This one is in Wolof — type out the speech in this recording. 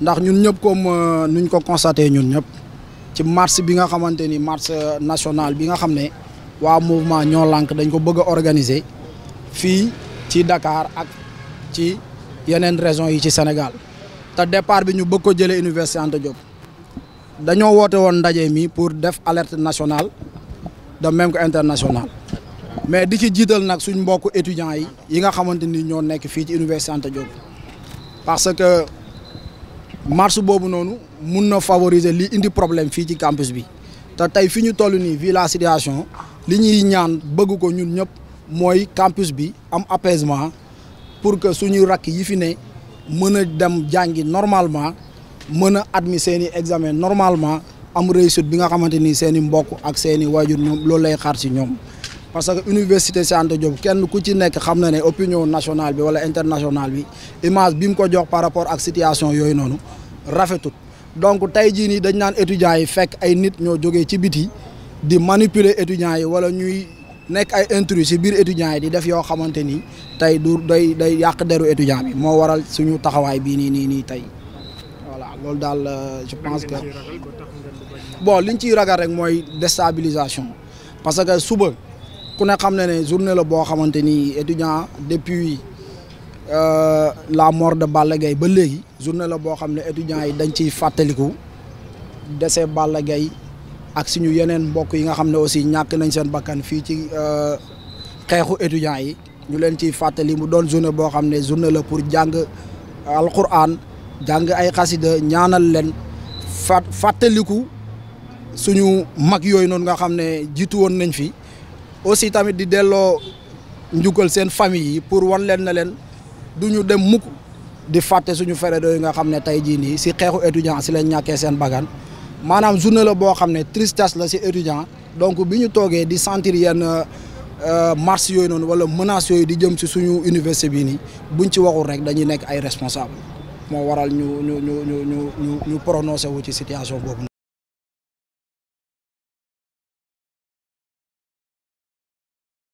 ndax ñun ñëpp comme euh, nuñ ko constaté ñun ñëpp ci marche bi nga xamante ni marche euh, nationale bi nga xam ne waa mouvement ñoo lank dañ ko bëgg a fii ci dakaar ak ci yeneen régions yi ci Sénégal te départ bi ñu bëgg ko jëlee Université Anta Diop dañoo woote woon ndaje mi pour def alerte nationale de même que international mais di ci jiital nag suñ mbokk étudiants yi yi nga xamante ni ñoo nekk fii ci université Anta Diop parce que marche boobu noonu mun na favoriser li indi problème fii ci campus bi te tey fi ñu toll nii vu la situation li ñuy ñaan bëgg ko ñun ñëpp mooy campus bi am apaisement pour que suñu rakk yi fi ne mën a dem jàngi normalement mën a admis seeni examen normalement am réussite bi nga xamante ni seen i mbokk ak seen i waajur ñoom loolu lay xaar ci ñoom parce que université Cheikh Anta Diop kenn ku ci nekk xam na ne opinion nationale bi wala internationale bi image bi mu ko jox par rapport ak situation yooyu noonu rafetut donc tey jii nii dañ naan étudiants yi fekk ay nit ñoo jogee ci biti di manipuler étudiants yi wala ñuy nekk ay intrus ci biir étudiants yi di def yoo xamante ni tey du day day yàq deru étudiant bi moo waral suñu taxawaay bii nii nii nii tey. loolu daal euh, je pense que bon li ñu ciy ragal rek mooy déstabilisation parce que suba ku ne xam ne ne journée la boo xamante ni étudiant depuis euh, la mort de Balla Gaye ba léegi journée la boo xam ne étudiants yi dañ ciy fàttaliku dese Balla gay ak suñu yeneen mbokk yi nga xam ne aussi ñàkk nañ seen bakkan fii ci euh, xeexu étudiants yi ñu leen ciy fàttali mu doon journée boo xam ne journée la pour jàng alquran jàng ay xasida ñaanal leen fat fàttaliku suñu mag yooyu noonu nga xam ne jiitu woon nañ fi aussi tamit di delloo njukal seen famille yi pour wan leen na leen du ñu dem muk di fàtte suñu frères yooyu nga xam ne tey jii nii si xeexu étudiant si lañ ñàkkee seen bagaan maanaam journée la boo xam ne tristesse la si étudiant donc bi ñu toogee di sentir yenn euh, marche yooyu noonu wala menaces yooyu di jëm si suñu université bii nii buñ ci waxul rek dañuy nekk ay responsable moo waral ñu ñu ñu ñu ñu ñu prononcé wu ci situation boobu.